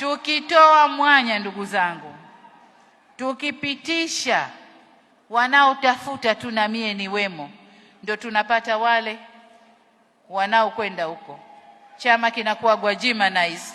Tukitoa mwanya, ndugu zangu, tukipitisha wanaotafuta tu na mie ni wemo, ndio tunapata wale wanaokwenda huko, chama kinakuwa gwajima Gwajimanized.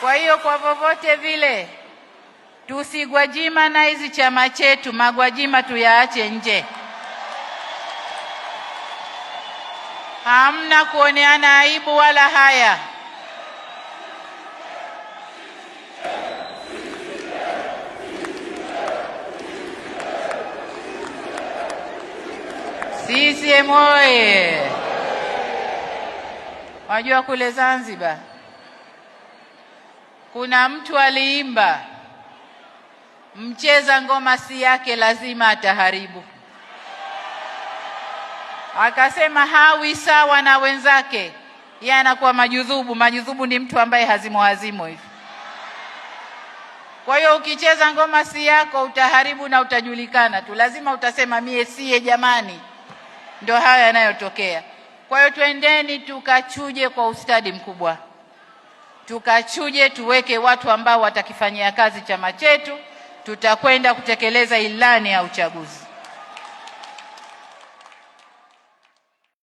Kwa hiyo kwa vovote vile tusigwajima hizi chama chetu, magwajima tuyaache nje. hamna kuoneana aibu wala haya. CCM oye! Wajua kule Zanzibar kuna mtu aliimba, mcheza ngoma si yake lazima ataharibu akasema hawi sawa na wenzake, yeye anakuwa majudhubu. Majudhubu ni mtu ambaye hazimwazimu hivi. Kwa hiyo ukicheza ngoma si yako utaharibu na utajulikana tu, lazima utasema mie siye. Jamani, ndio hayo yanayotokea. Kwa hiyo twendeni tukachuje kwa ustadi mkubwa, tukachuje, tuweke watu ambao watakifanyia kazi chama chetu, tutakwenda kutekeleza ilani ya uchaguzi.